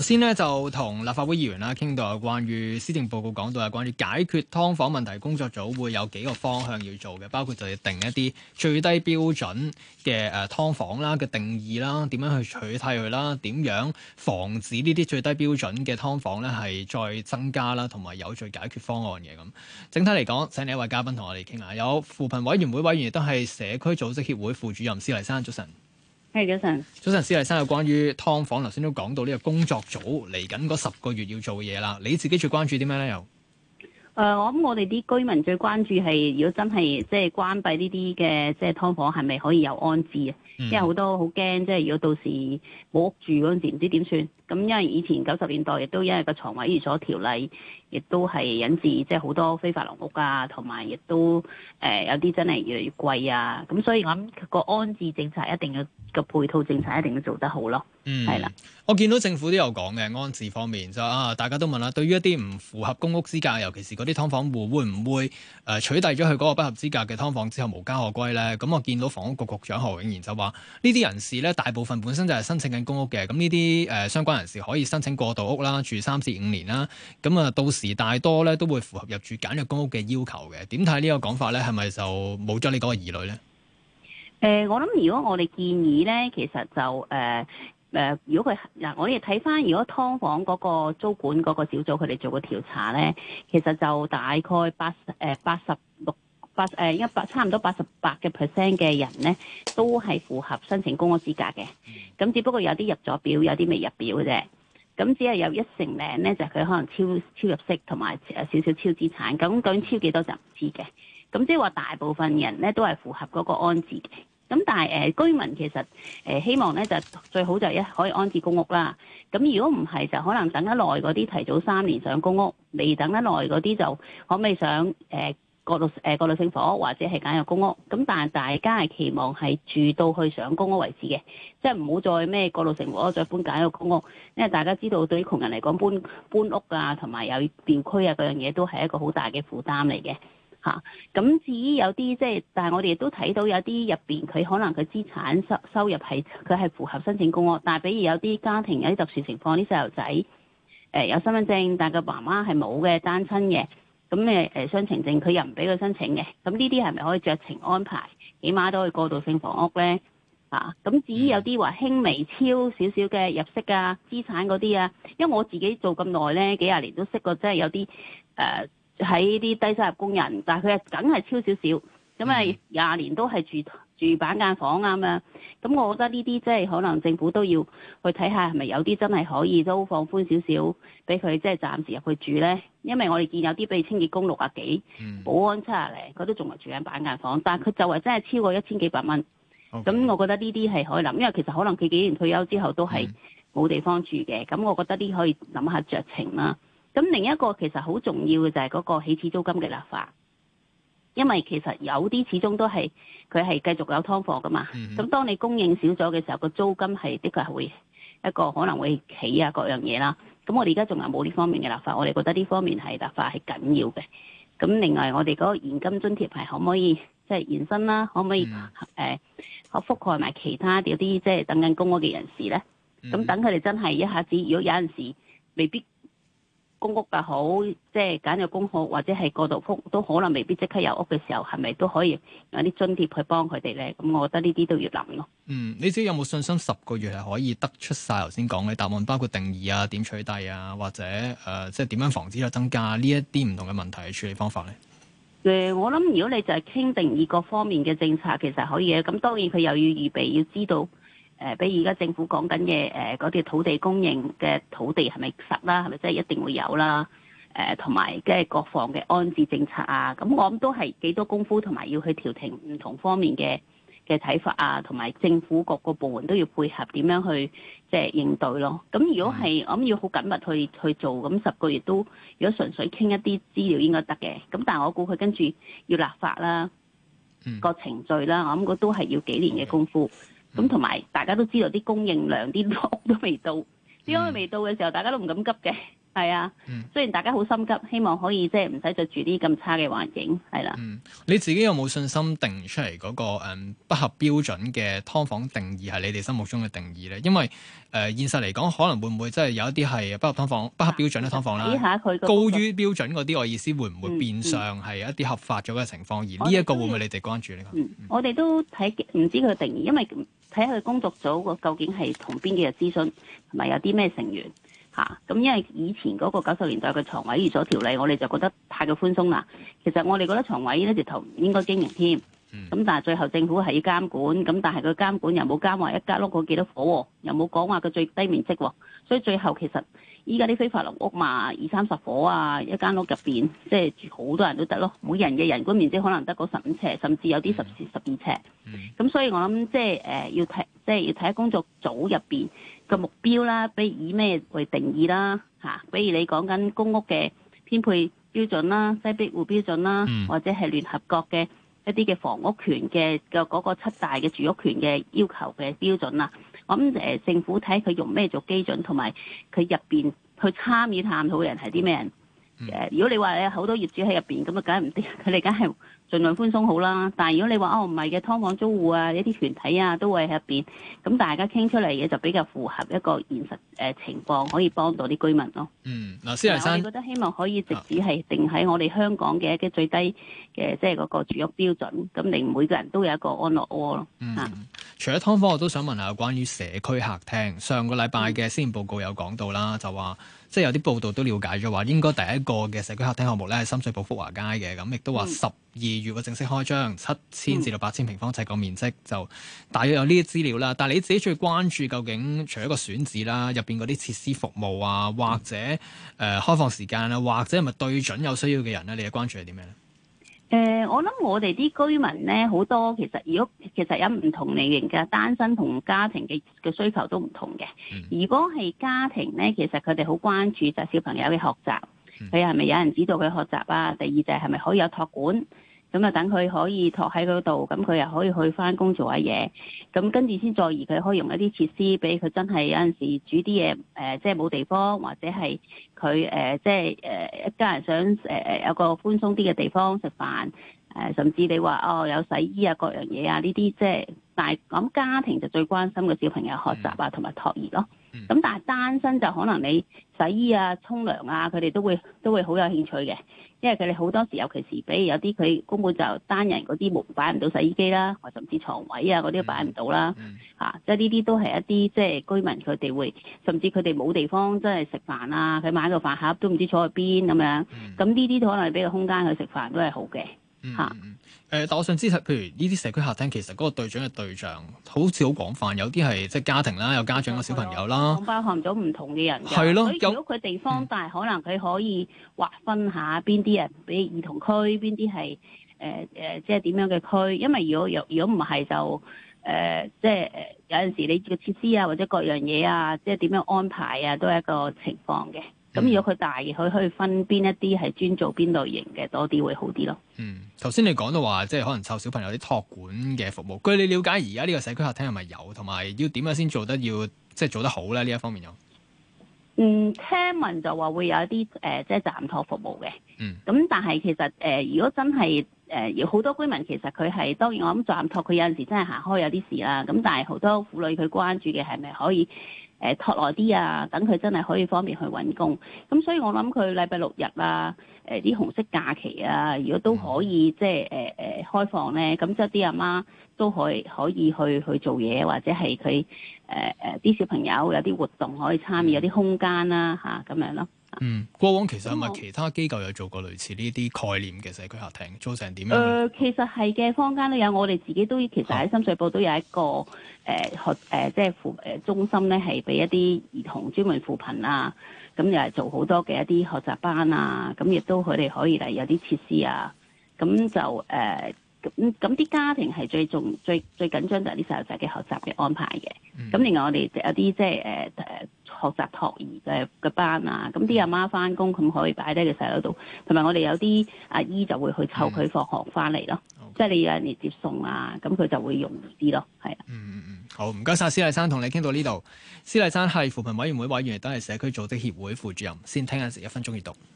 先咧就同立法會議員啦，傾到有關於施政報告講到有關於解決劏房問題，工作組會有幾個方向要做嘅，包括就係定一啲最低標準嘅誒劏房啦嘅定義啦，點樣去取締佢啦，點樣防止呢啲最低標準嘅劏房咧係再增加啦，同埋有，有序解決方案嘅咁。整體嚟講，請呢一位嘉賓同我哋傾下，有扶貧委員會委員亦都係社區組織協會副主任施麗珊，早晨。係 Hey，早晨，早晨，施麗珊，有關於劏房，頭先都講到呢個工作組嚟緊嗰十個月要做嘅嘢啦。你自己最關注啲咩咧？又誒，我諗我哋啲居民最關注係，如果真係即係關閉呢啲嘅即係劏房，係咪可以有安置啊？Mm. 因為好多好驚，即係如果到時冇屋住嗰陣時，唔知點算。咁因為以前九十年代亦都因為個床位寓所條例，亦都係引致即係好多非法籠屋啊，同埋亦都誒有啲真係越嚟越貴啊。咁所以我諗個安置政策一定要個配套政策一定要做得好咯。嗯，係啦的，我見到政府都有講嘅安置方面，就啊大家都問啦，對於一啲唔符合公屋資格，尤其是嗰啲劏房戶，會唔會誒取締咗佢嗰個不合資格嘅劏房之後無家可歸咧？咁我見到房屋局局長何永賢就話，呢啲人士咧大部分本身就係申請緊公屋嘅，咁呢啲誒相關。平時可以申請過渡屋啦，住三至五年啦，咁啊到時大多咧都會符合入住簡約公屋嘅要求嘅。點睇呢個講法咧，係咪就冇咗你個疑慮咧？誒、呃，我諗如果我哋建議咧，其實就誒誒、呃呃，如果佢嗱、呃，我哋睇翻如果劏房嗰個租管嗰個小組佢哋做個調查咧，其實就大概八誒八十六。呃八誒，一百差唔多八十八嘅 percent 嘅人咧，都係符合申請公屋資格嘅。咁只不過有啲入咗表，有啲未入表嘅啫。咁只係有一成名咧，就係佢可能超超入息同埋誒少少超資產。咁究竟超幾多就唔知嘅。咁即係話大部分人咧都係符合嗰個安置嘅。咁但係誒居民其實誒、呃、希望咧就最好就一可以安置公屋啦。咁如果唔係就可能等得耐嗰啲提早三年上公屋，未等得耐嗰啲就可唔可以想誒。呃過渡誒過渡性房屋或者係簡約公屋，咁但係大家係期望係住到去上公屋為止嘅，即係唔好再咩過渡性房屋再搬簡約公屋，因為大家知道對於窮人嚟講搬搬屋啊同埋有調區啊嗰樣嘢都係一個好大嘅負擔嚟嘅嚇。咁、啊、至於有啲即係，但係我哋亦都睇到有啲入邊佢可能佢資產收收入係佢係符合申請公屋，但係比如有啲家庭有啲特殊情況，啲細路仔誒有身份證，但係個媽媽係冇嘅單親嘅。咁咩誒雙程證，佢又唔俾佢申請嘅，咁呢啲係咪可以酌情安排？起碼都可以過渡性房屋咧，啊！咁至於有啲話輕微超少少嘅入息啊、資產嗰啲啊，因為我自己做咁耐咧，幾廿年都識過真，即係有啲誒喺啲低收入工人，但係佢係梗係超少少，咁啊廿年都係住住板間房啊咁樣，咁我覺得呢啲即係可能政府都要去睇下係咪有啲真係可以都放寬少少，俾佢即係暫時入去住呢？因為我哋見有啲譬如清潔工六啊幾，嗯、保安七啊零，佢都仲係住緊板間房，但係佢就係真係超過一千幾百蚊。咁 Okay 我覺得呢啲係可以諗，因為其實可能佢幾年退休之後都係冇地方住嘅。咁、嗯、我覺得呢啲可以諗下酌情啦。咁另一個其實好重要嘅就係嗰個起始租金嘅立法。因為其實有啲始終都係佢係繼續有劏房噶嘛，咁、mm hmm. 當你供應少咗嘅時候，個租金係的確係會一個可能會起啊，各樣嘢啦。咁我哋而家仲係冇呢方面嘅立法，我哋覺得呢方面係立法係緊要嘅。咁另外我哋嗰個現金津貼係可唔可以即係延伸啦？可唔可以誒，可，mm hmm. 呃，覆蓋埋其他有啲即係等緊公屋嘅人士咧？咁、mm hmm. 等佢哋真係一下子，如果有陣時未必。公屋又好，即係揀咗公屋或者係過渡屋，都可能未必即刻有屋嘅時候，係咪都可以有啲津貼去幫佢哋咧？咁我覺得呢啲都要諗咯。嗯，你自己有冇信心十個月係可以得出晒頭先講嘅答案？包括定義啊、點取締啊，或者誒、呃，即係點樣防止咗增加呢一啲唔同嘅問題嘅處理方法咧？誒、呃，我諗如果你就係傾定義各方面嘅政策，其實可以嘅。咁當然佢又要預備，要知道。誒、呃，比如而家政府講緊嘅誒，嗰、呃、啲土地供應嘅土地係咪實啦？係咪即係一定會有啦？誒、呃，同埋即係劏房嘅安置政策啊，咁我諗都係幾多功夫，同埋要去調停唔同方面嘅嘅睇法啊，同埋政府各個部門都要配合點樣去即係、就是、應對咯。咁如果係、mm. 我諗要好緊密去去做，咁十個月都如果純粹傾一啲資料應該得嘅。咁但我估佢跟住要立法啦，個、mm. 程序啦，我諗個都係要幾年嘅功夫。Okay. 咁同埋，大家都知道啲供應量啲、嗯、都未到，啲佢未到嘅時候，大家都唔敢急嘅，係啊。嗯、雖然大家好心急，希望可以即係唔使再住啲咁差嘅環境，係啦。嗯，你自己有冇信心定出嚟嗰、嗰個嗯不合標準嘅劏房定義係你哋心目中嘅定義咧？因為誒現實嚟講，可能會唔會真係有一啲係不合劏房、不合標準嘅劏房啦？以下佢高於標準嗰啲、啊，我意思會唔會變相係一啲合法咗嘅情況？嗯嗯而呢、呢、一個會唔會你哋關注呢嗯，我哋都睇唔知佢嘅定義，因為睇下佢工作組究竟係同邊幾日諮詢，同埋有啲咩成員嚇。咁、啊、因為以前嗰個九十年代嘅床位寓所條例，我哋就覺得太過寬鬆啦。其實我哋覺得床位呢，直頭唔應該經營添。咁但係最後政府係要監管，咁但係個監管又冇監話一間屋個幾多火、啊，又冇講話佢最低面積喎、啊。所以最後其實。依家啲非法樓屋嘛，二三十伙啊，一間屋入面，即係住好多人都得咯，每人嘅人均面積可能得個十五尺，甚至有啲十四、十二尺。咁、嗯、所以我諗即係要睇，即係、呃、要睇下工作組入面嘅目標啦，比如以咩為定義啦？吓、啊，比如你講緊公屋嘅編配標準啦、西壁戶標準啦，嗯、或者係聯合國嘅一啲嘅房屋權嘅嘅嗰個七大嘅住屋權嘅要求嘅標準啦。咁誒，政府睇佢用咩做基準，同埋佢入面去參與探討嘅人係啲咩人？嗯、如果你話你好多業主喺入面，咁啊梗係唔掂，佢哋梗係儘量寬鬆好啦，但係如果你話哦唔係嘅劏房租戶啊，一啲團體啊，都會喺入邊。咁大家傾出嚟嘅就比較符合一個現實誒情況，可以幫到啲居民咯。嗯，嗱，施先生，你哋覺得希望可以直指係定喺我哋香港嘅一啲最低嘅即係嗰個住屋標準，咁你每個人都有一個安樂窩咯。嗯，除咗劏房，我都想問下關於社區客廳。上個禮拜嘅施政報告有講到啦，就話即係有啲報道都了解咗話，應該第一個嘅社區客廳項目咧係深水埗福華街嘅，咁亦都話十二月會正式開張，七千至到八千平方尺個面積，嗯、就大約有呢啲資料啦。但係你自己最關注究竟除，除咗個選址啦，入邊嗰啲設施服務啊，或者誒、呃、開放時間啊，或者係咪對準有需要嘅人咧？你嘅關注係點樣咧？誒、呃，我諗我哋啲居民咧，好多其實如果其實有唔同類型嘅單身同家庭嘅嘅需求都唔同嘅。嗯、如果係家庭咧，其實佢哋好關注就係小朋友嘅學習。佢係咪有人指導佢學習啊？第二就係係咪可以有託管咁啊？就等佢可以托喺嗰度，咁佢又可以去翻工做下嘢。咁跟住先再兒，佢可以用一啲設施給他些，俾佢真係有陣時煮啲嘢。誒，即係冇地方，或者係佢誒，即係誒、呃、一家人想誒誒有個寬鬆啲嘅地方食飯。誒、呃，甚至你話哦，有洗衣啊，各樣嘢啊，呢啲即係但係，咁家庭就最關心個小朋友學習啊，同埋托兒咯。咁、嗯、但係單身就可能你洗衣啊、沖涼啊，佢哋都會都會好有興趣嘅，因為佢哋好多時，尤其是比如有啲佢根本就單人嗰啲冇擺唔到洗衣機啦，甚至床位啊嗰啲都擺唔到啦。嚇、嗯嗯啊，即係呢啲都係一啲即係居民佢哋會，甚至佢哋冇地方真係食飯啊，佢買個飯盒都唔知坐喺邊咁樣。咁呢啲都可能俾個空間佢食飯都係好嘅嚇。啊誒、呃，但我想知，譬如呢啲社區客廳，其實嗰個隊長嘅對象好似好廣泛，有啲係即係家庭啦，有家長有小朋友啦，我包含咗唔同嘅人的。係咯了，如果佢地方大，有可能佢可以劃分一下邊啲人，畀兒童區，邊啲係誒誒，即係點樣嘅區？因為如果若如果唔係就誒、呃，即係有陣時候你個設施啊，或者各樣嘢啊，即係點樣安排啊，都係一個情況嘅。咁、嗯、如果佢大，佢可以分邊一啲係專做邊類型嘅多啲，會好啲咯。嗯，頭先你講到話，即係可能湊小朋友啲托管嘅服務。據你了解，而家呢個社區客廳係咪有？同埋要點樣先做得要即係做得好咧？呢一方面有。嗯，聽聞就話會有一啲誒、呃，即係暫托服務嘅。嗯。咁但係其實誒、呃，如果真係。誒好、呃、多居民其實佢係當然我諗，暫托佢有陣時真係行開有啲事啦，咁但係好多婦女佢關注嘅係咪可以誒托耐啲啊？等佢真係可以方便去揾工，咁所以我諗佢禮拜六日啦、啊、誒、呃、啲紅色假期啊，如果都可以即係誒誒開放咧，咁即係啲阿媽都可以可以去去做嘢，或者係佢誒誒啲小朋友有啲活動可以參與，有啲空間啦吓，咁、啊、樣咯。嗯，過往其實係咪其他機構有做過類似呢啲概念嘅社區客廳，做成點樣？誒、呃，其實係嘅，坊間都有。我哋自己都其實喺深水埗都有一個誒學誒，即係扶誒、呃、中心咧，係俾一啲兒童專門扶貧啊，咁又係做好多嘅一啲學習班啊，咁亦都佢哋可以嚟有啲設施啊，咁就誒。呃咁咁啲家庭係最重最最緊張就係啲細路仔嘅學習嘅安排嘅，咁、嗯、另外我哋有啲即係誒誒學習託兒嘅嘅班啊，咁啲阿媽翻工，佢可以擺低個細路度，同埋我哋有啲阿姨就會去湊佢放學翻嚟咯，嗯、即係你有人接送啊，咁佢就會容易啲咯，係啊。嗯嗯嗯，好唔該晒。施麗珊，同你傾到呢度。施麗珊係扶貧委員會委員，亦都係社區組織協會副主任。先聽陣時一分鐘閱讀。